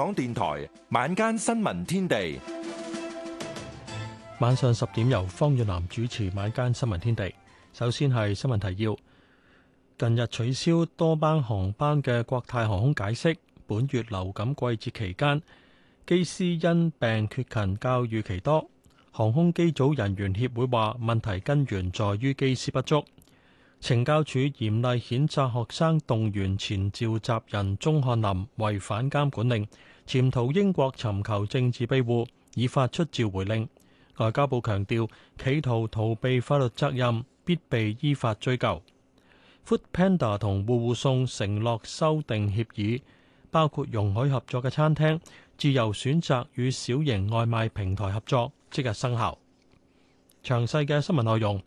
港電台晚間新聞天地，晚上十點由方遠南主持。晚間新聞天地，首先係新聞提要。近日取消多班航班嘅國泰航空解釋，本月流感季節期間機師因病缺勤較預期多。航空機組人員協會話，問題根源在於機師不足。懲教署嚴厲譴責學生動員前召集人鍾翰林違反監管令，潛逃英國尋求政治庇護，已發出召回令。外交部強調，企圖逃避法律責任，必被依法追究。Foodpanda 同戶戶送承諾修訂協議，包括容許合作嘅餐廳自由選擇與小型外賣平台合作，即日生效。詳細嘅新聞內容。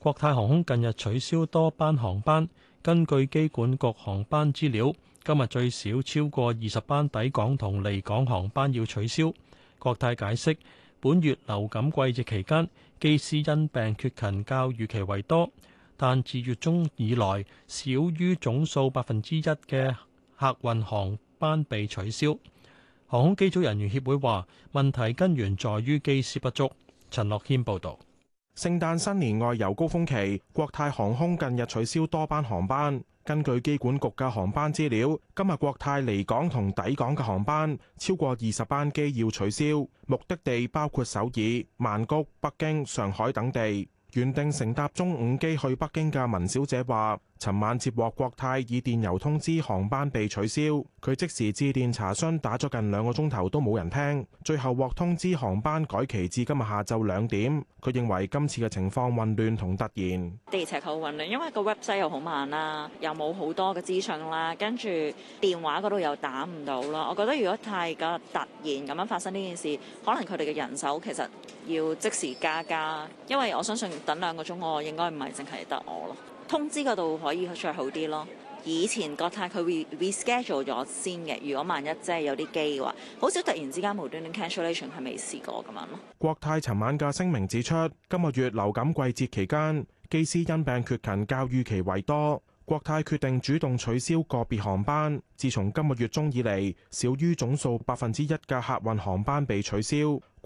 國泰航空近日取消多班航班，根據機管局航班資料，今日最少超過二十班抵港同離港航班要取消。國泰解釋，本月流感季節期間，機師因病缺勤較預期為多，但自月中以來少於總數百分之一嘅客運航班被取消。航空機組人員協會話，問題根源在於機師不足。陳樂軒報導。聖誕新年外遊高峰期，國泰航空近日取消多班航班。根據機管局嘅航班資料，今日國泰離港同抵港嘅航班超過二十班機要取消，目的地包括首爾、曼谷、北京、上海等地。原定乘搭中午機去北京嘅文小姐話。尋晚接獲國泰以電郵通知航班被取消，佢即時致電查詢，打咗近兩個鐘頭都冇人聽，最後獲通知航班改期至今日下晝兩點。佢認為今次嘅情況混亂同突然，地鐵好混亂，因為個 website 又好慢啦，又冇好多嘅資訊啦，跟住電話嗰度又打唔到啦。我覺得如果太過突然咁樣發生呢件事，可能佢哋嘅人手其實要即時加加，因為我相信等兩個鐘我應該唔係淨係得我咯。通知嗰度可以再好啲咯。以前國泰佢會 reschedule 咗先嘅。如果萬一真係有啲機嘅話，好少突然之間無端端 cancellation 係未試過咁樣咯。國泰尋晚嘅聲明指出，今個月流感季節期間，機師因病缺勤較預期為多，國泰決定主動取消個別航班。自從今個月中以嚟，少於總數百分之一嘅客運航班被取消。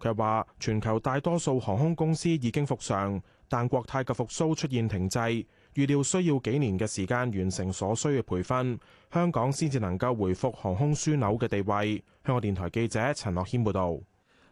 佢話全球大多數航空公司已經復上，但國泰嘅復蘇出現停滯，預料需要幾年嘅時間完成所需嘅培訓，香港先至能夠回復航空樞紐嘅地位。香港電台記者陳樂謙報道。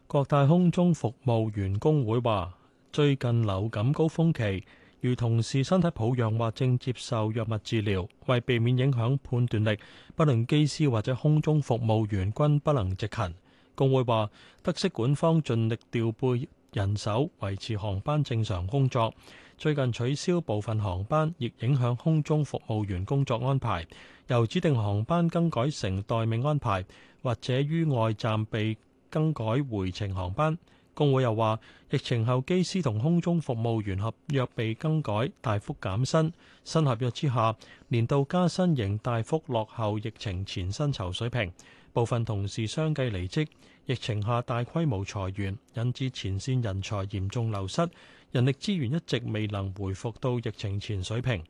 國泰空中服務員工會話，最近流感高峰期。如同事身體抱恙或正接受藥物治療，為避免影響判斷力，不論機師或者空中服務員均不能值勤。工會話，特色管方盡力調配人手維持航班正常工作。最近取消部分航班，亦影響空中服務員工作安排，由指定航班更改成待命安排，或者於外站被更改回程航班。工會又話，疫情後機師同空中服務員合約被更改，大幅減薪。新合約之下，年度加薪仍大幅落後疫情前薪酬水平。部分同事相繼離職，疫情下大規模裁員，引致前線人才嚴重流失，人力資源一直未能回復到疫情前水平。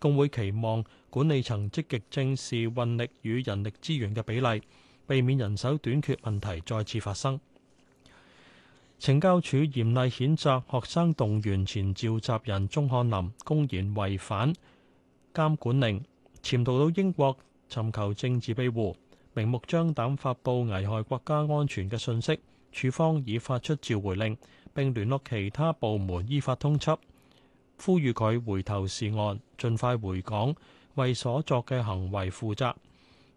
工會期望管理層積極正視運力與人力資源嘅比例，避免人手短缺問題再次發生。懲教署嚴厲譴責學生動員前召集人鍾漢林公然違反監管令，潛逃到英國尋求政治庇護，明目張膽發布危害國家安全嘅信息。署方已發出召回令，並聯絡其他部門依法通緝，呼籲佢回頭是岸，盡快回港，為所作嘅行為負責。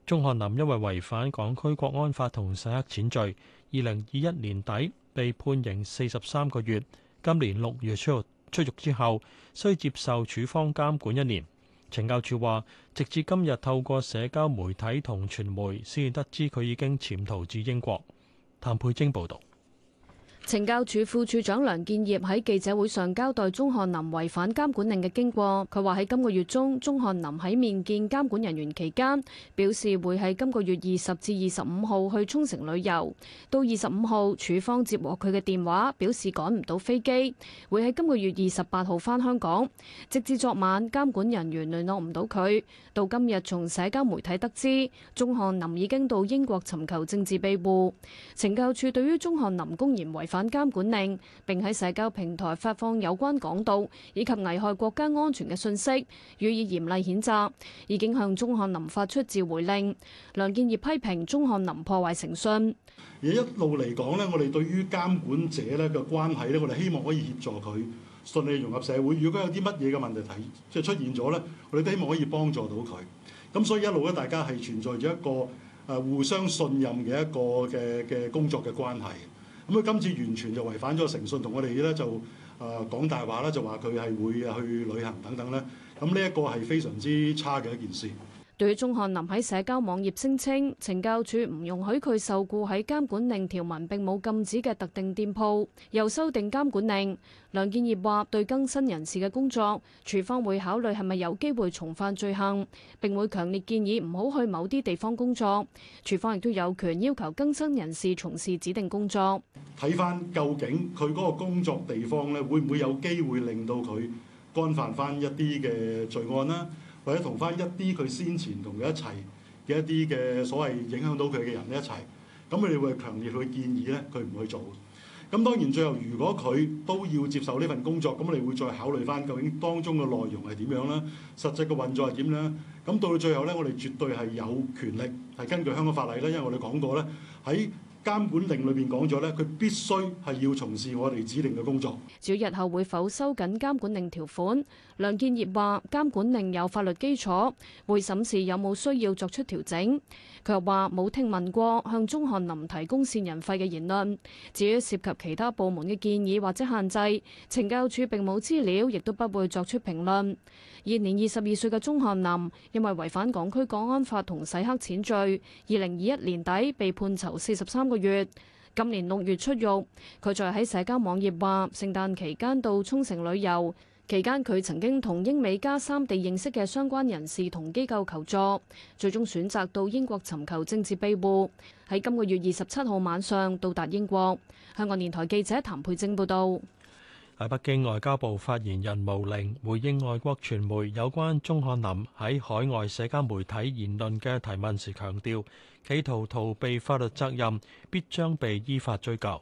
鍾漢林因為違反港區國安法同洗黑錢罪，二零二一年底。被判刑四十三個月，今年六月出獄出獄之後，需接受處方監管一年。懲教處話，直至今日透過社交媒體同傳媒先得知佢已經潛逃至英國，譚佩晶報道。懲教署副署長梁建業喺記者會上交代鍾漢林違反監管令嘅經過。佢話喺今個月中，鍾漢林喺面見監管人員期間，表示會喺今個月二十至二十五號去沖繩旅遊。到二十五號，署方接獲佢嘅電話，表示趕唔到飛機，會喺今個月二十八號返香港。直至昨晚，監管人員聯絡唔到佢。到今日，從社交媒體得知，鍾漢林已經到英國尋求政治庇護。懲教署對於鍾漢林公然違反監管令，並喺社交平台發放有關港獨以及危害國家安全嘅信息，予以嚴厲譴責。已經向鍾漢林發出召回令。梁建業批評鍾漢林破壞誠信。而一路嚟講咧，我哋對於監管者咧嘅關係咧，我哋希望可以協助佢順利融入社會。如果有啲乜嘢嘅問題提即係出現咗咧，我哋都希望可以幫助到佢。咁所以一路咧，大家係存在住一個誒互相信任嘅一個嘅嘅工作嘅關係。咁佢今次完全就違反咗誠信，同我哋咧就誒講大話啦，就話佢係會去旅行等等咧。咁呢一個係非常之差嘅一件事。對於鍾漢林喺社交網頁聲稱，懲教署唔容許佢受雇喺監管令條文並冇禁止嘅特定店鋪，又修訂監管令。梁建業話：對更新人士嘅工作，署方會考慮係咪有機會重犯罪行，並會強烈建議唔好去某啲地方工作。署方亦都有權要求更新人士從事指定工作。睇翻究竟佢嗰個工作地方咧，會唔會有機會令到佢干犯翻一啲嘅罪案呢？或者同翻一啲佢先前同佢一齊嘅一啲嘅所謂影響到佢嘅人一齊，咁佢哋會強烈去建議咧，佢唔去做。咁當然最後如果佢都要接受呢份工作，咁你會再考慮翻究竟當中嘅內容係點樣啦，實際嘅運作係點樣啦。咁到到最後咧，我哋絕對係有權力係根據香港法例咧，因為我哋講過咧喺。監管令裏面講咗咧，佢必須係要從事我哋指定嘅工作。至於日後會否收緊監管令條款，梁建業話監管令有法律基礎，會審視有冇需要作出調整。佢又話冇聽聞過向鍾漢林提供線人費嘅言論。至於涉及其他部門嘅建議或者限制，懲教署並冇資料，亦都不會作出評論。現年二十二歲嘅鍾漢林因為違反港區國安法同洗黑錢罪，二零二一年底被判囚四十三個月，今年六月出獄。佢再喺社交網頁話：聖誕期間到沖繩旅遊。期間，佢曾經同英美加三地認識嘅相關人士同機構求助，最終選擇到英國尋求政治庇護，喺今個月二十七號晚上到達英國。香港電台記者譚佩貞報導。喺北京外交部發言人毛寧回應外國傳媒有關鍾翰林喺海外社交媒體言論嘅提問時，強調：企圖逃避法律責任，必將被依法追究。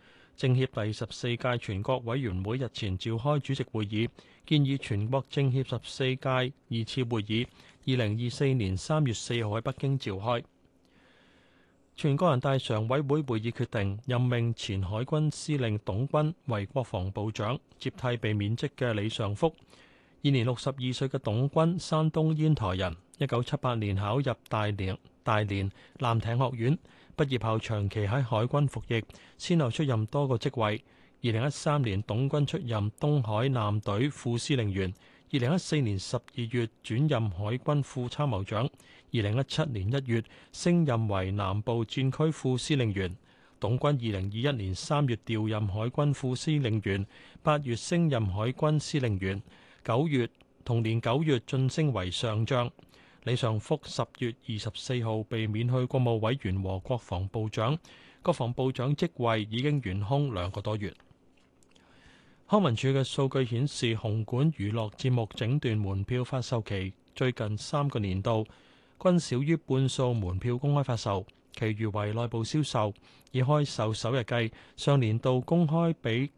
政協第十四屆全國委員會日前召開主席會議，建議全國政協十四屆二次會議二零二四年三月四號喺北京召開。全國人大常委會會議決定任命前海軍司令董軍為國防部長，接替被免職嘅李尚福。現年六十二歲嘅董軍，山東煙台人，一九七八年考入大連大連艦艇學院。畢業後長期喺海軍服役，先後出任多個職位。二零一三年，董軍出任東海艦隊副司令員；二零一四年十二月轉任海軍副參謀長；二零一七年一月升任為南部戰區副司令員。董軍二零二一年三月調任海軍副司令員，八月升任海軍司令員，九月同年九月晉升為上將。李尚福十月二十四號被免去國務委員和國防部長，國防部長職位已經懸空兩個多月。康文署嘅數據顯示，紅館娛樂節目整段門票發售期最近三個年度均少於半數門票公開發售，其餘為內部銷售。以開售首日計，上年度公開比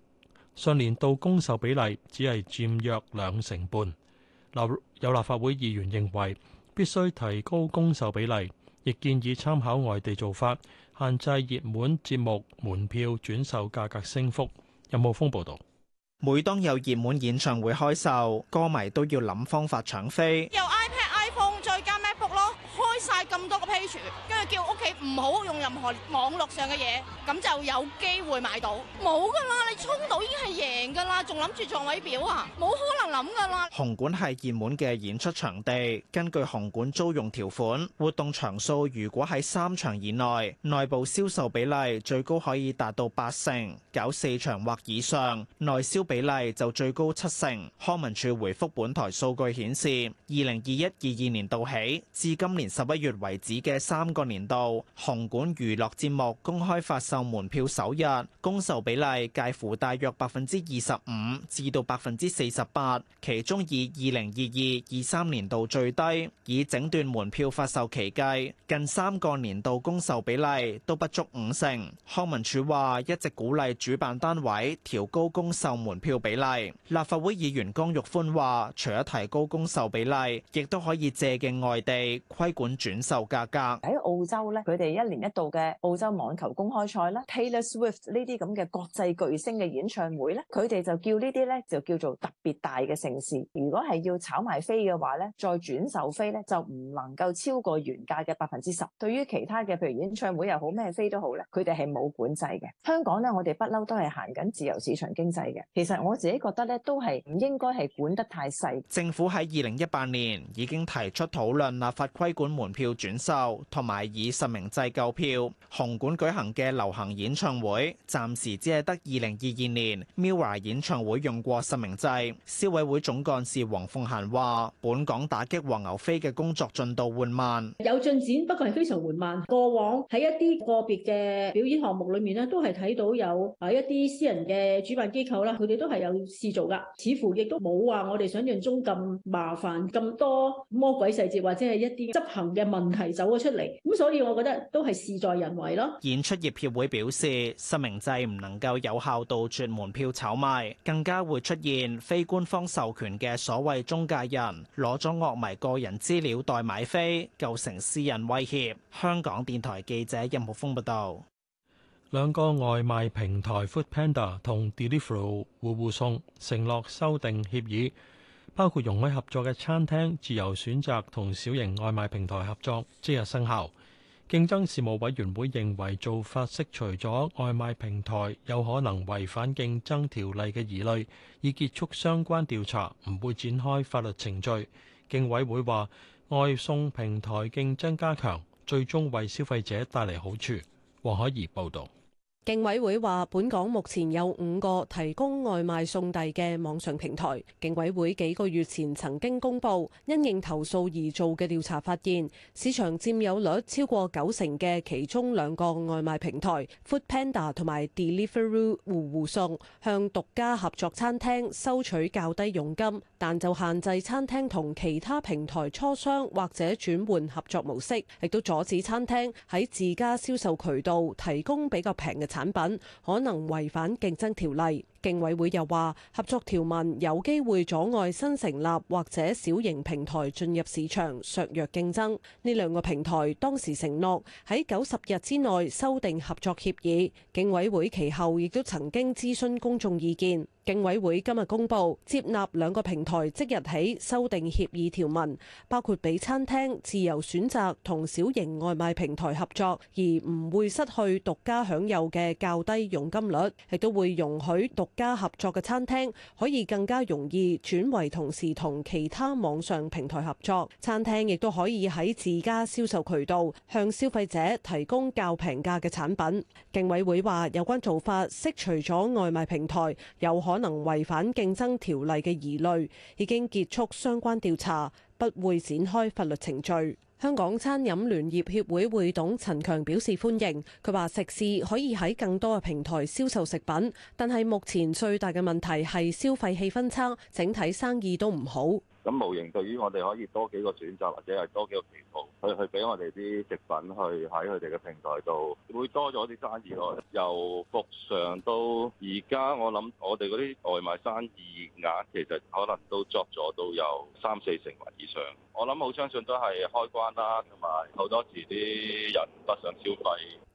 上年度公售比例只係佔約兩成半。有有立法會議員認為。必須提高供售比例，亦建議參考外地做法，限制熱門節目門票轉售價格升幅。任浩峯報導。每當有熱門演唱會開售，歌迷都要諗方法搶飛，跟住叫屋企唔好用任何網絡上嘅嘢，咁就有機會買到冇噶啦！你衝到已經係贏噶啦，仲諗住撞位表啊？冇可能諗噶啦！紅館係熱門嘅演出場地，根據紅館租用條款，活動場數如果喺三場以內，內部銷售比例最高可以達到八成；搞四場或以上，內銷比例就最高七成。康文署回覆本台數據顯示，二零二一、二二年度起至今年十一月為止嘅嘅三個年度，紅館娛樂節目公開發售門票首日供售比例介乎大約百分之二十五至到百分之四十八，其中以二零二二二三年度最低。以整段門票發售期計，近三個年度供售比例都不足五成。康文署話一直鼓勵主辦單位調高供售門票比例。立法會議員江玉歡話，除咗提高供售比例，亦都可以借鏡外地規管轉售價格。喺澳洲咧，佢哋一年一度嘅澳洲網球公開賽咧，Taylor Swift 呢啲咁嘅國際巨星嘅演唱會咧，佢哋就叫呢啲咧就叫做特別大嘅城市。如果係要炒賣飛嘅話咧，再轉售飛咧就唔能夠超過原價嘅百分之十。對於其他嘅，譬如演唱會又好，咩飛都好咧，佢哋係冇管制嘅。香港咧，我哋不嬲都係行緊自由市場經濟嘅。其實我自己覺得咧，都係唔應該係管得太細。政府喺二零一八年已經提出討論立法規管門票轉售。同埋以實名制購票，紅館舉行嘅流行演唱會暫時只係得2022年 Mirror 演唱會用過實名制。消委會總幹事黃鳳嫻話，本港打擊黃牛飛嘅工作進度緩慢，有進展，不過係非常緩慢。過往喺一啲個別嘅表演項目裏面咧，都係睇到有啊一啲私人嘅主辦機構啦，佢哋都係有試做噶。似乎亦都冇話我哋想象中咁麻煩，咁多魔鬼細節或者係一啲執行嘅問題走。出嚟咁，所以我覺得都係事在人為咯。演出業協會表示，實名制唔能夠有效杜絕門票炒賣，更加會出現非官方授權嘅所謂中介人攞咗樂迷個人資料代買飛，構成私人威脅。香港電台記者任學峰報道：「兩個外賣平台 Foodpanda 同 Deliveroo 戶戶送承諾修訂協議。包括容許合作嘅餐廳自由選擇同小型外賣平台合作，即日生效。競爭事務委員會認為做法釋除咗外賣平台有可能違反競爭條例嘅疑慮，已結束相關調查，唔會展開法律程序。競委會話，外送平台競爭加強，最終為消費者帶嚟好處。黃海怡報道。競委會話，本港目前有五個提供外賣送遞嘅網上平台。競委會幾個月前曾經公布，因應投訴而做嘅調查發現，市場佔有率超過九成嘅其中兩個外賣平台 Foodpanda 同埋 Deliveroo 戶戶送，向獨家合作餐廳收取較低佣金，但就限制餐廳同其他平台磋商或者轉換合作模式，亦都阻止餐廳喺自家銷售渠道提供比較平嘅。產品可能違反競爭條例。競委會又話，合作條文有機會阻礙新成立或者小型平台進入市場，削弱競爭。呢兩個平台當時承諾喺九十日之內修訂合作協議，競委會其後亦都曾經諮詢公眾意見。競委會今日公布接納兩個平台即日起修訂協議條文，包括俾餐廳自由選擇同小型外賣平台合作，而唔會失去獨家享有嘅較低佣金率，亦都會容許獨。家合作嘅餐廳可以更加容易轉為同時同其他網上平台合作，餐廳亦都可以喺自家銷售渠道向消費者提供較平價嘅產品。競委會話，有關做法釋除咗外賣平台有可能違反競爭條例嘅疑慮，已經結束相關調查，不會展開法律程序。香港餐飲聯業協會會董陳強表示歡迎，佢話食肆可以喺更多嘅平台銷售食品，但係目前最大嘅問題係消費氣氛差，整體生意都唔好。咁無形對於我哋可以多幾個選擇，或者係多幾個渠道，去去俾我哋啲食品去喺佢哋嘅平台度，會多咗啲生意咯。由復常到而家，我諗我哋嗰啲外賣生意額其實可能都作咗都有三四成或以上。我諗好相信都係開關啦，同埋好多時啲人不想消費。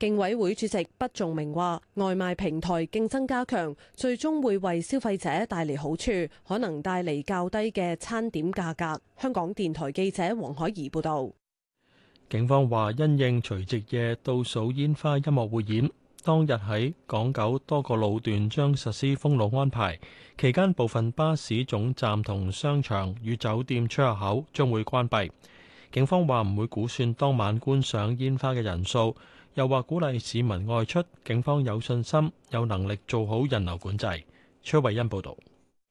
競委會主席畢仲明話：外賣平台競爭加強，最終會為消費者帶嚟好處，可能帶嚟較低嘅餐點。點價格？香港電台記者黃海怡報道。警方話，因應除夕夜倒數煙花音樂匯演，當日喺港九多個路段將實施封路安排，期間部分巴士總站同商場與酒店出入口將會關閉。警方話唔會估算當晚觀賞煙花嘅人數，又話鼓勵市民外出。警方有信心有能力做好人流管制。崔慧欣報道。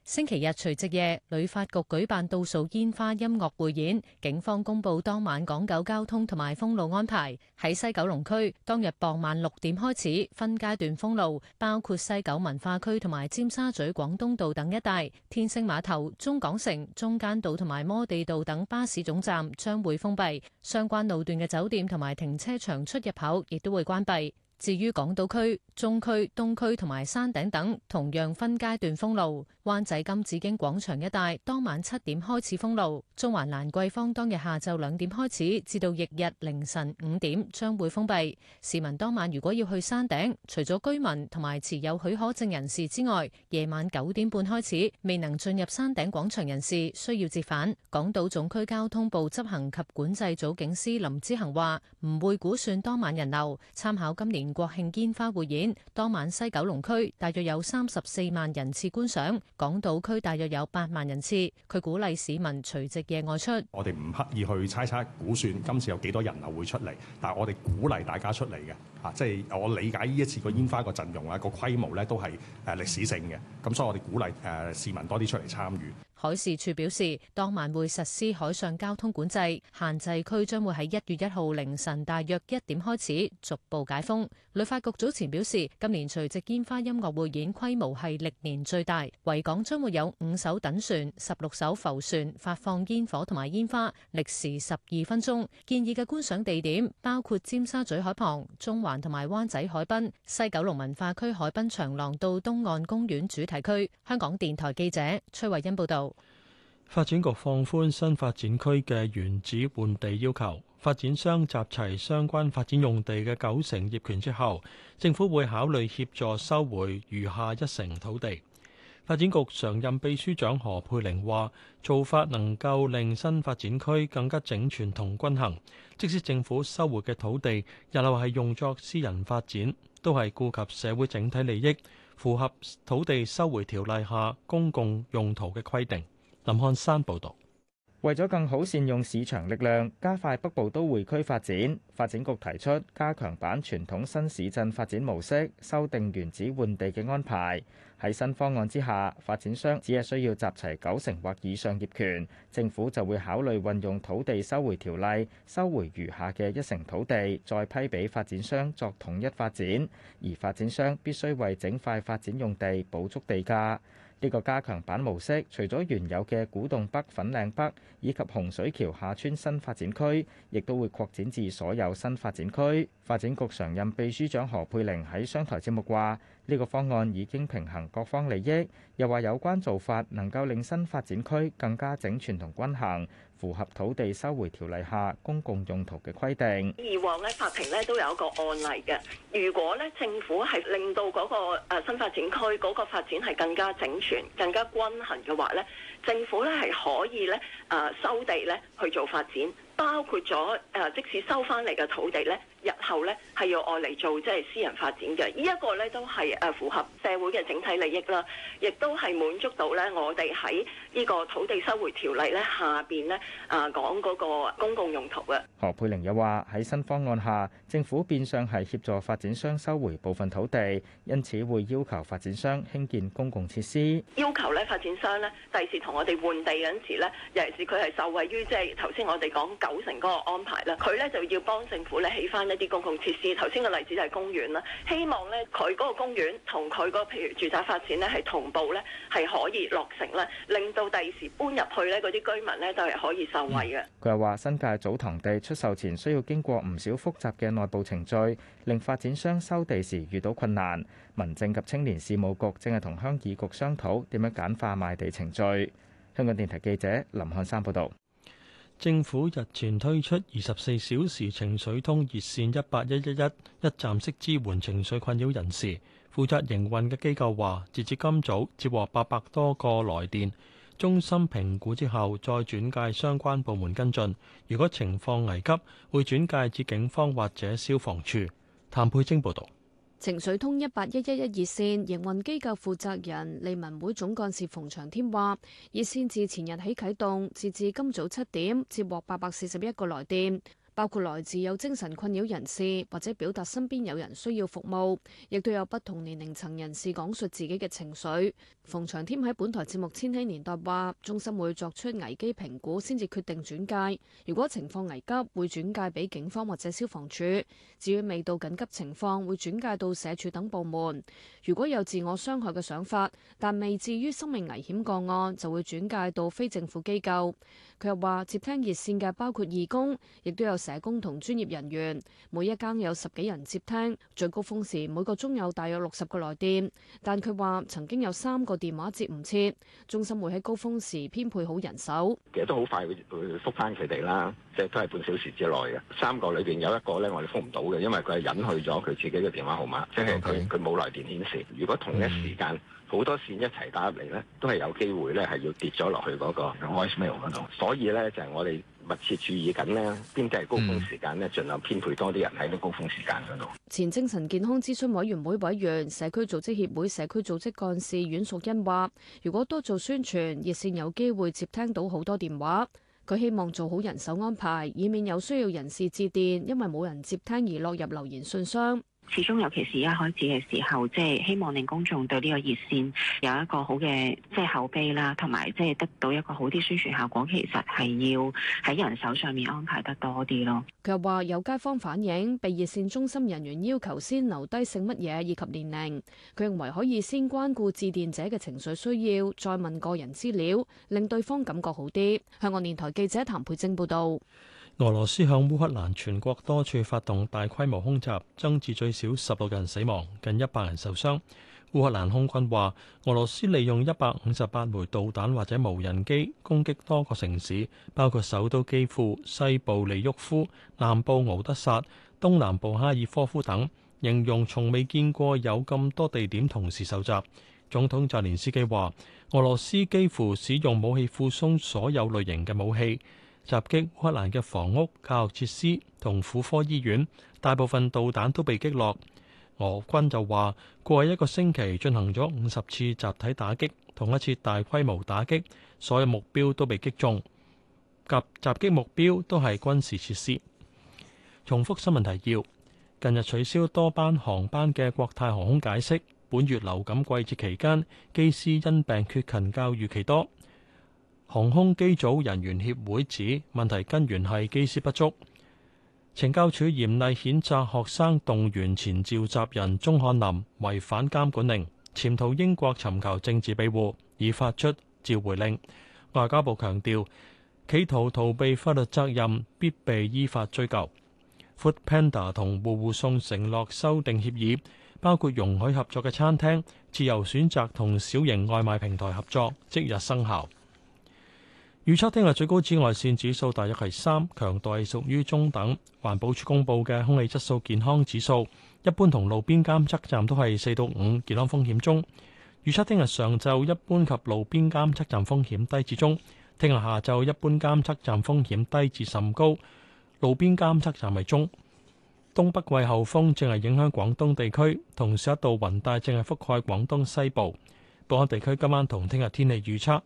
星期日除夕夜，旅發局舉辦倒數煙花音樂匯演。警方公布當晚港九交通同埋封路安排。喺西九龍區，當日傍晚六點開始分階段封路，包括西九文化區同埋尖沙咀廣東道等一帶。天星碼頭、中港城、中間道同埋摩地道等巴士總站將會封閉，相關路段嘅酒店同埋停車場出入口亦都會關閉。至於港島區、中區、東區同埋山頂等，同樣分階段封路。灣仔金紫荊廣場一帶，當晚七點開始封路；中環蘭桂坊當日下晝兩點開始，至到翌日凌晨五點將會封閉。市民當晚如果要去山頂，除咗居民同埋持有許可證人士之外，夜晚九點半開始，未能進入山頂廣場人士需要折返。港島總區交通部執行及管制組警司林之恆話：唔會估算當晚人流，參考今年。國慶煙花匯演當晚，西九龍區大約有三十四萬人次觀賞，港島區大約有八萬人次。佢鼓勵市民除夕夜外出。我哋唔刻意去猜測估算今次有幾多人流會出嚟，但係我哋鼓勵大家出嚟嘅。即係我理解呢一次個煙花個陣容啊，個規模咧都係誒歷史性嘅，咁所以我哋鼓勵誒市民多啲出嚟參與。海事處表示，當晚會實施海上交通管制，限制區將會喺一月一號凌晨大約一點開始逐步解封。旅發局早前表示，今年除夕煙花音樂匯演規模係歷年最大，維港將會有五艘等船、十六艘浮船發放煙火同埋煙花，歷時十二分鐘。建議嘅觀賞地點包括尖沙咀海旁、中環同埋灣仔海濱、西九龍文化區海濱長廊到東岸公園主題區，香港電台記者崔慧欣報導。發展局放寬新發展區嘅原址換地要求，發展商集齊相關發展用地嘅九成業權之後，政府會考慮協助收回餘下一成土地。發展局常任秘書長何佩玲話，做法能夠令新發展區更加整全同均衡，即使政府收回嘅土地，日後係用作私人發展，都係顧及社會整體利益，符合土地收回條例下公共用途嘅規定。林漢山報導。為咗更好善用市場力量，加快北部都會區發展，發展局提出加強版傳統新市鎮發展模式，修訂原址換地嘅安排。喺新方案之下，發展商只係需要集齊九成或以上業權，政府就會考慮運用土地收回條例，收回餘下嘅一成土地，再批俾發展商作統一發展。而發展商必須為整塊發展用地補足地價。呢個加強版模式，除咗原有嘅古洞北、粉嶺北以及洪水橋廈村新發展區，亦都會擴展至所有新發展區。發展局常任秘書長何佩玲喺商台節目話，呢個方案已經平衡各方利益，又話有關做法能夠令新發展區更加整全同均衡，符合土地收回條例下公共用途嘅規定。以往咧，法庭咧都有一個案例嘅。如果咧政府係令到嗰個誒新發展區嗰個發展係更加整全、更加均衡嘅話咧，政府咧係可以咧誒收地咧去做發展。包括咗誒，即使收翻嚟嘅土地咧，日後咧係要愛嚟做即係私人發展嘅，呢一個咧都係誒符合社會嘅整體利益啦，亦都係滿足到咧我哋喺呢個土地收回條例咧下邊咧啊講嗰個公共用途啊。何佩玲又話喺新方案下，政府變相係協助發展商收回部分土地，因此會要求發展商興建公共設施。要求咧發展商咧，第時同我哋換地嗰陣時咧，尤其是佢係受惠於即係頭先我哋講九成嗰個安排啦。佢咧就要幫政府咧起翻一啲公共設施。頭先個例子就係公園啦，希望咧佢嗰個公園同佢個譬如住宅發展咧係同步咧係可以落成啦，令到第時搬入去咧嗰啲居民咧都係可以受惠嘅。佢、嗯、又話新界祖堂地出售前需要經過唔少複雜嘅內部程序令發展商收地時遇到困難，民政及青年事務局正係同鄉議局商討點樣簡化賣地程序。香港電台記者林漢山報導。政府日前推出二十四小時情緒通熱線一八一一一，一站式支援情緒困擾人士，負責營運嘅機構話，截至今早接獲八百多個來電。中心評估之後，再轉介相關部門跟進。如果情況危急，會轉介至警方或者消防處。譚佩晶報導。情緒通一八一一一熱線營運機構負責人利民會總幹事馮長天話：熱線自前日起啟動，截至今早七點，接獲八百四十一個來電。包括來自有精神困擾人士，或者表達身邊有人需要服務，亦都有不同年齡層人士講述自己嘅情緒。馮長添喺本台節目《千禧年代》話：中心會作出危機評估先至決定轉介，如果情況危急，會轉介俾警方或者消防處。至於未到緊急情況，會轉介到社署等部門。如果有自我傷害嘅想法，但未至於生命危險個案，就會轉介到非政府機構。佢又話：接聽熱線嘅包括義工，亦都有。社工同專業人員，每一間有十幾人接聽，最高峰時每個鐘有大約六十個來電。但佢話曾經有三個電話接唔切，中心會喺高峰時編配好人手。其實都好快會復翻佢哋啦，即係都係半小時之內嘅。三個裏邊有一個咧，我哋復唔到嘅，因為佢係隱去咗佢自己嘅電話號碼，即係佢佢冇來電顯示。如果同一時間。嗯好多線一齊打入嚟呢，都係有機會咧，係要跌咗落去嗰個。 所以呢，就係我哋密切注意緊呢邊啲係高峰時間呢，儘量編配多啲人喺啲高峰時間嗰度。前精神健康諮詢委員會委員、社區組織協會社區組織幹事阮淑欣話，如果多做宣傳，熱線有機會接聽到好多電話。佢希望做好人手安排，以免有需要人士致電，因為冇人接聽而落入留言信箱。始終，尤其是一開始嘅時候，即係希望令公眾對呢個熱線有一個好嘅即係口碑啦，同埋即係得到一個好啲宣傳效果，其實係要喺人手上面安排得多啲咯。佢又話有街坊反映，被熱線中心人員要求先留低姓乜嘢以及年齡，佢認為可以先關顧致電者嘅情緒需要，再問個人資料，令對方感覺好啲。香港電台記者譚佩貞報道。俄羅斯向烏克蘭全國多處發動大規模空襲，增至最少十六人死亡，近一百人受傷。烏克蘭空軍話，俄羅斯利用一百五十八枚導彈或者無人機攻擊多個城市，包括首都基輔、西部利沃夫、南部敖德薩、東南部哈爾科夫等，形容從未見過有咁多地點同時受襲。總統澤連斯基話，俄羅斯幾乎使用武器庫中所有類型嘅武器。襲擊烏克蘭嘅房屋、教育設施同婦科醫院，大部分導彈都被擊落。俄軍就話，過去一個星期進行咗五十次集體打擊同一次大規模打擊，所有目標都被擊中。及襲擊目標都係軍事設施。重複新聞提要：近日取消多班航班嘅國泰航空解釋，本月流感季節期間，機師因病缺勤較預期多。航空機組人員協會指問題根源係機師不足。懲教署嚴厲譴責學生動員前召集人鍾翰林違反監管令，潛逃英國尋求政治庇護，已發出召回令。外交部強調企圖逃避法律責任，必被依法追究。Foodpanda 同戶戶送承諾修訂協議，包括容許合作嘅餐廳自由選擇同小型外賣平台合作，即日生效。預測聽日最高紫外線指數大約係三，強度屬於中等。環保署公布嘅空氣質素健康指數，一般同路邊監測站都係四到五，健康風險中。預測聽日上晝一般及路邊監測站風險低至中，聽日下晝一般監測站風險低至甚高，路邊監測站為中。東北季候風正係影響廣東地區，同時一道雲帶正係覆蓋廣東西部。部分地區今晚同聽日天氣預測。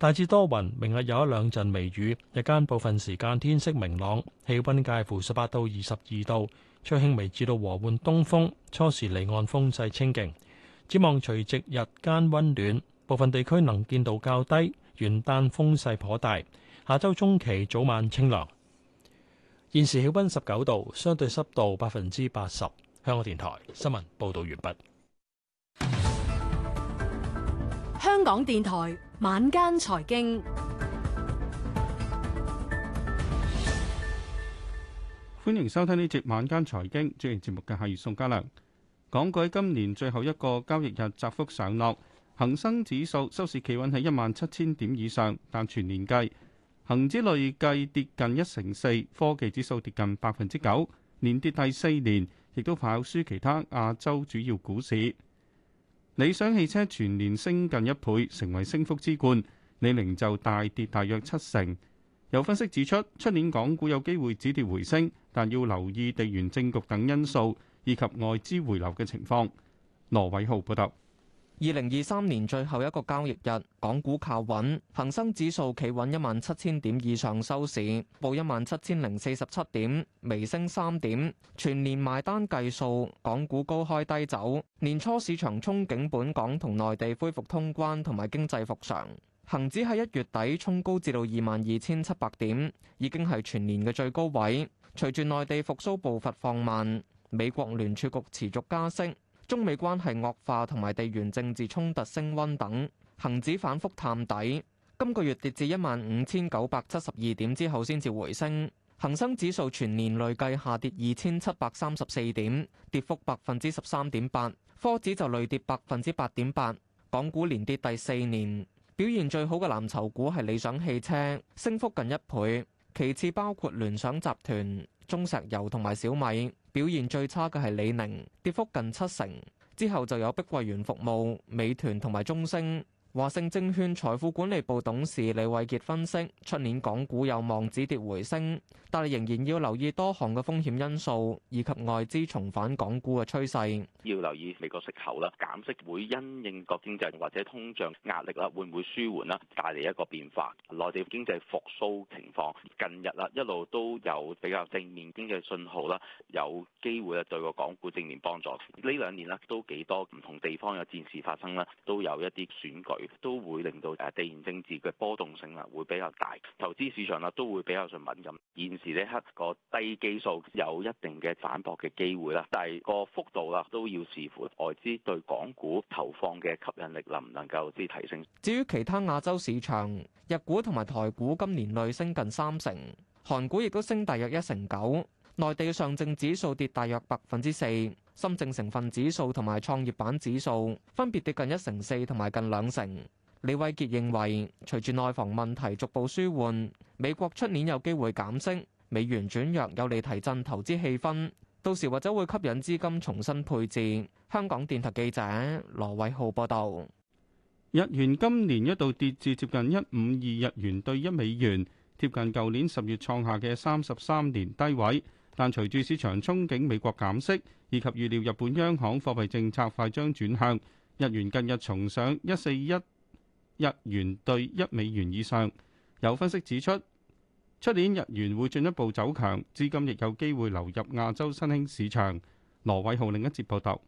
大致多雲，明日有一兩陣微雨，日間部分時間天色明朗，氣温介乎十八到二十二度，吹輕微至到和緩東風，初時離岸風勢清勁，展望除夕日間温暖，部分地區能見度較低，元旦風勢頗大，下周中期早晚清涼。現時氣温十九度，相對濕度百分之八十。香港電台新聞報導完畢。香港電台。晚間財經，歡迎收聽呢節晚間財經專題節目嘅係宋嘉良。港股喺今年最後一個交易日窄幅上落，恒生指數收市企穩喺一萬七千點以上，但全年計，恒指累計跌近一成四，科技指數跌近百分之九，連跌第四年，亦都跑輸其他亞洲主要股市。理想汽車全年升近一倍，成為升幅之冠。李寧就大跌大約七成。有分析指出，出年港股有機會止跌回升，但要留意地緣政局等因素，以及外資回流嘅情況。羅偉浩報道。二零二三年最後一個交易日，港股靠穩，恒生指數企穩一萬七千點以上收市，報一萬七千零四十七點，微升三點。全年埋單計數，港股高開低走。年初市場憧憬本港同內地恢復通關同埋經濟復常，恒指喺一月底衝高至到二萬二千七百點，已經係全年嘅最高位。隨住內地復蘇步伐放慢，美國聯儲局持續加息。中美關係惡化同埋地緣政治衝突升溫等，恒指反覆探底，今個月跌至一萬五千九百七十二點之後先至回升。恒生指數全年累計下跌二千七百三十四點，跌幅百分之十三點八。科指就累跌百分之八點八。港股連跌第四年，表現最好嘅藍籌股係理想汽車，升幅近一倍。其次包括聯想集團、中石油同埋小米。表現最差嘅係李寧，跌幅近七成。之後就有碧桂園服務、美團同埋中升。華盛證券財富管理部董事李慧杰分析：出年港股有望止跌回升，但係仍然要留意多項嘅風險因素，以及外資重返港股嘅趨勢。要留意美國息口啦，減息會因應各國經濟或者通脹壓力啦，會唔會舒緩啦，帶嚟一個變化。內地經濟復蘇情況近日啦，一路都有比較正面經濟信號啦，有機會咧對個港股正面幫助。呢兩年咧都幾多唔同地方嘅戰事發生啦，都有一啲選舉。都會令到誒地緣政治嘅波動性啦，會比較大，投資市場啦都會比較上敏感。現時呢刻個低基數有一定嘅反博嘅機會啦，但係個幅度啦都要視乎外資對港股投放嘅吸引力能唔能夠之提升。至於其他亞洲市場，日股同埋台股今年累升近三成，韓股亦都升大約一成九，內地上證指數跌大約百分之四。深證成分指數同埋創業板指數分別跌近一成四同埋近兩成。李偉傑認為，隨住內房問題逐步舒緩，美國出年有機會減息，美元轉弱有利提振投資氣氛，到時或者會吸引資金重新配置。香港電台記者羅偉浩報道，日元今年一度跌至接近一五二日元兌一美元，貼近舊年十月創下嘅三十三年低位。但隨住市場憧憬美國減息，以及預料日本央行貨幣政策快將轉向，日元近日重上一四一日元兌一美元以上。有分析指出，出年日元會進一步走強，資金亦有機會流入亞洲新興市場。羅偉浩另一節報道。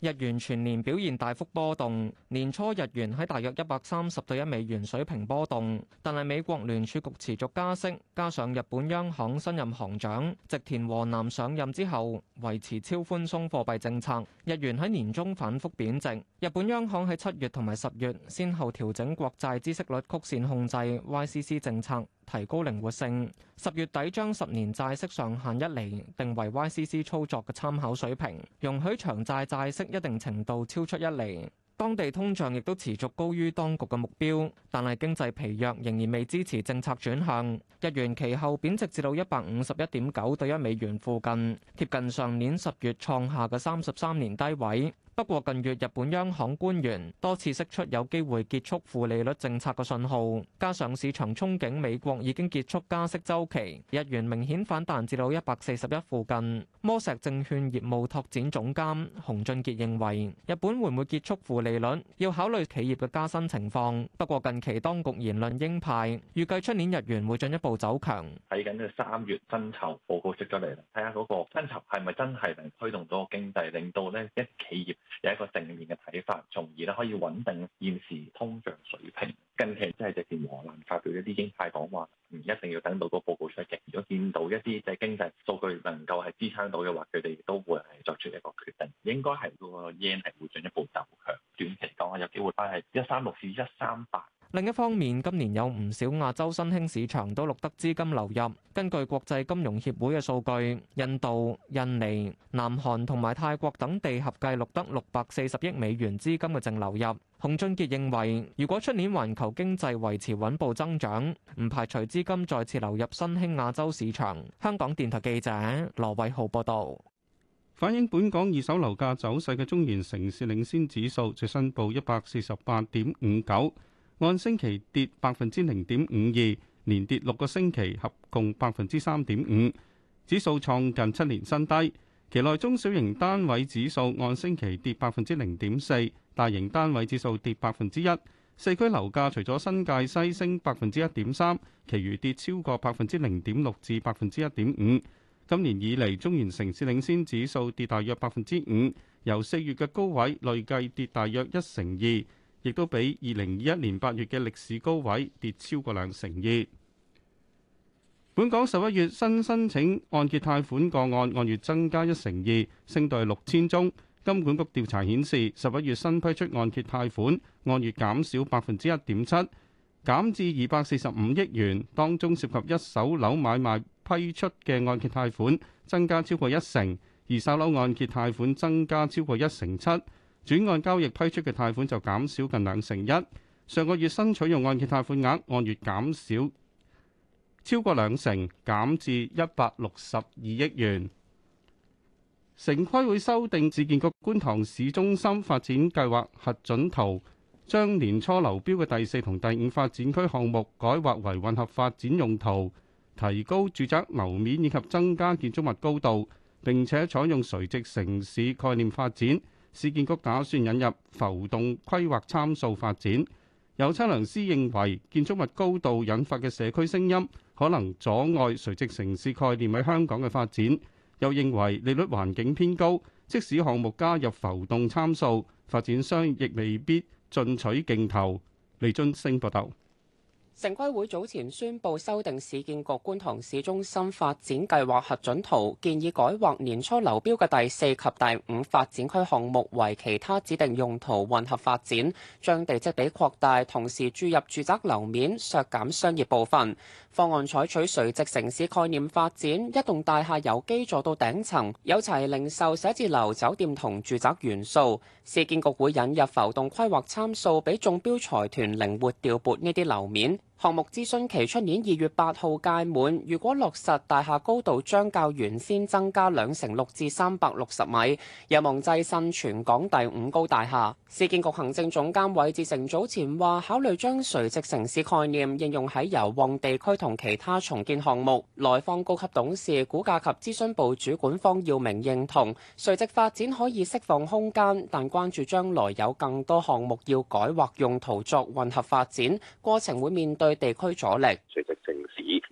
日元全年表現大幅波動，年初日元喺大約一百三十對一美元水平波動，但係美國聯儲局持續加息，加上日本央行新任行長直田和男上任之後維持超寬鬆貨幣政策，日元喺年中反覆貶值。日本央行喺七月同埋十月先後調整國債孳息率曲線控制 YCC 政策。提高靈活性，十月底將十年債息上限一厘定為 YCC 操作嘅參考水平，容許長債債息一定程度超出一厘，當地通脹亦都持續高於當局嘅目標，但係經濟疲弱仍然未支持政策轉向。日元其後貶值至到一百五十一點九對一美元附近，貼近上年十月創下嘅三十三年低位。不過近月日本央行官員多次釋出有機會結束負利率政策嘅信號，加上市場憧憬美國已經結束加息周期，日元明顯反彈至到一百四十一附近。摩石證券業務拓展總監洪俊杰認為，日本會唔會結束負利率，要考慮企業嘅加薪情況。不過近期當局言論鷹派，預計出年日元會進一步走強。睇緊嘅三月薪酬報告出咗嚟，睇下嗰個薪酬係咪真係能推動到經濟，令到呢一企業。有一個正面嘅睇法，從而咧可以穩定現時通脹水平。近期即係直前黃蘭發表一啲經濟講話，唔一定要等到個報告出嘅。如果見到一啲即係經濟數據能夠係支撐到嘅話，佢哋都會係作出一個決定。應該係個 yen 係會進一步走強。短期講，有機會翻係一三六至一三八。另一方面，今年有唔少亞洲新興市場都錄得資金流入。根據國際金融協會嘅數據，印度、印尼、南韓同埋泰國等地合計錄得六百四十億美元資金嘅淨流入。洪俊傑認為，如果出年環球經濟維持穩步增長，唔排除資金再次流入新興亞洲市場。香港電台記者羅偉浩報道。反映本港二手樓價走勢嘅中原城市領先指數最新報一百四十八點五九，按星期跌百分之零點五二，連跌六個星期，合共百分之三點五，指數創近七年新低。期內中小型單位指數按星期跌百分之零點四，大型單位指數跌百分之一。四區樓價除咗新界西升百分之一點三，其餘跌超過百分之零點六至百分之一點五。今年以嚟，中原城市領先指數跌大約百分之五，由四月嘅高位累計跌大約一成二。亦都比二零二一年八月嘅歷史高位跌超過兩成二。本港十一月新申請按揭貸款個案按月增加一成二，升到六千宗。金管局調查顯示，十一月新批出按揭貸款按月減少百分之一點七，減至二百四十五億元。當中涉及一手樓買賣批出嘅按揭貸款增加超過一成，二手樓按揭貸款增加超過一成七。轉按交易批出嘅貸款就減少近兩成一。上個月新取用按揭貸款額按月減少超過兩成，減至一百六十二億元。城規會修訂市建局觀塘市中心發展計劃核准圖，將年初流標嘅第四同第五發展區項目改劃為混合發展用途，提高住宅樓面以及增加建築物高度，並且採用垂直城市概念發展。市建局打算引入浮動規劃參數發展，有測量師認為建築物高度引發嘅社區聲音可能阻礙垂直城市概念喺香港嘅發展，又認為利率環境偏高，即使項目加入浮動參數，發展商亦未必進取競投。李津升報道。城規會早前宣布修訂市建局觀塘市中心發展計劃核准圖，建議改劃年初流標嘅第四及第五發展區項目為其他指定用途混合發展，將地積比擴大，同時注入住宅樓面，削減商業部分。方案採取垂直城市概念發展，一棟大廈由基座到頂層，有齊零售、寫字樓、酒店同住宅元素。市建局會引入浮動規劃參數，俾中標財團靈活調撥呢啲樓面。項目諮詢期出年二月八號屆滿，如果落實，大廈高度將較原先增加兩成六至三百六十米，有望躋身全港第五高大廈。市建局行政總監韋志成早前話，考慮將垂直城市概念應用喺油旺地區同其他重建項目。萊坊高級董事、估價及諮詢部主管方耀明認同，垂直發展可以釋放空間，但關注將來有更多項目要改劃用途作混合發展，過程會面對對地區阻力。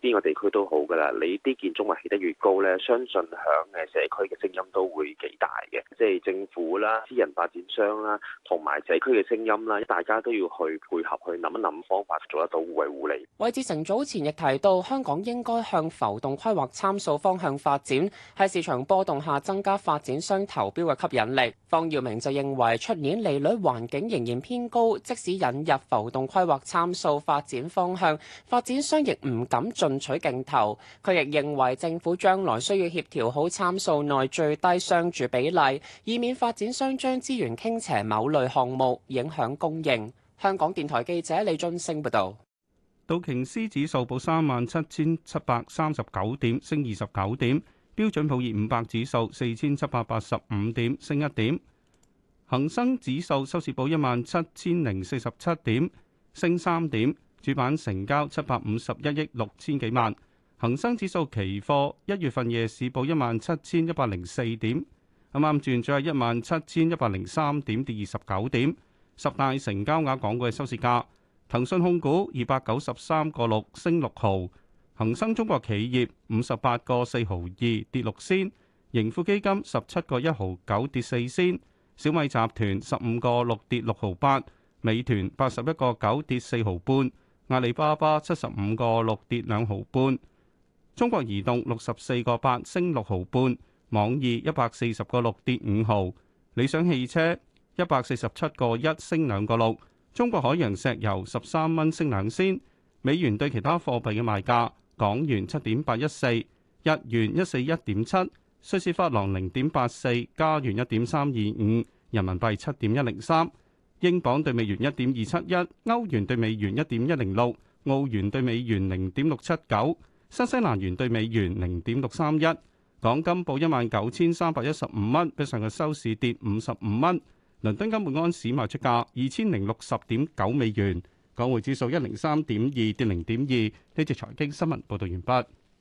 邊個地區都好噶啦，你啲建築物起得越高咧，相信響誒社區嘅聲音都會幾大嘅，即係政府啦、私人發展商啦、同埋社區嘅聲音啦，大家都要去配合去諗一諗方法，做得到互惠互利。韋志成早前亦提到，香港應該向浮動規劃參數方向發展，喺市場波動下增加發展商投標嘅吸引力。方耀明就認為，出年利率環境仍然偏高，即使引入浮動規劃參數發展方向，發展商亦唔敢。進取競投，佢亦認為政府將來需要協調好參數內最低商住比例，以免發展商將資源傾斜某類項目，影響供應。香港電台記者李津升報道。道瓊斯指數報三萬七千七百三十九點，升二十九點。標準普爾五百指數四千七百八十五點，升一點。恒生指數收市報一萬七千零四十七點，升三點。主板成交七百五十一億六千幾萬，恒生指數期貨一月份夜市報一萬七千一百零四點，啱啱轉咗一萬七千一百零三點跌二十九點。十大成交額港股嘅收市價，騰訊控股二百九十三個六升六毫，恒生中國企業五十八個四毫二跌六仙，盈富基金十七個一毫九跌四仙，小米集團十五個六跌六毫八，美團八十一個九跌四毫半。阿里巴巴七十五個六跌兩毫半，中國移動六十四個八升六毫半，網易一百四十個六跌五毫，理想汽車一百四十七個一升兩個六，中國海洋石油十三蚊升兩仙，美元對其他貨幣嘅賣價，港元七點八一四，日元一四一點七，瑞士法郎零點八四，加元一點三二五，人民幣七點一零三。英鎊兌美元一點二七一，歐元兌美元一點一零六，澳元兌美元零點六七九，新西蘭元兌美元零點六三一。港金報一萬九千三百一十五蚊，比上日收市跌五十五蚊。倫敦金每安士賣出價二千零六十點九美元。港匯指數一零三點二，跌零點二。呢節財經新聞報道完畢。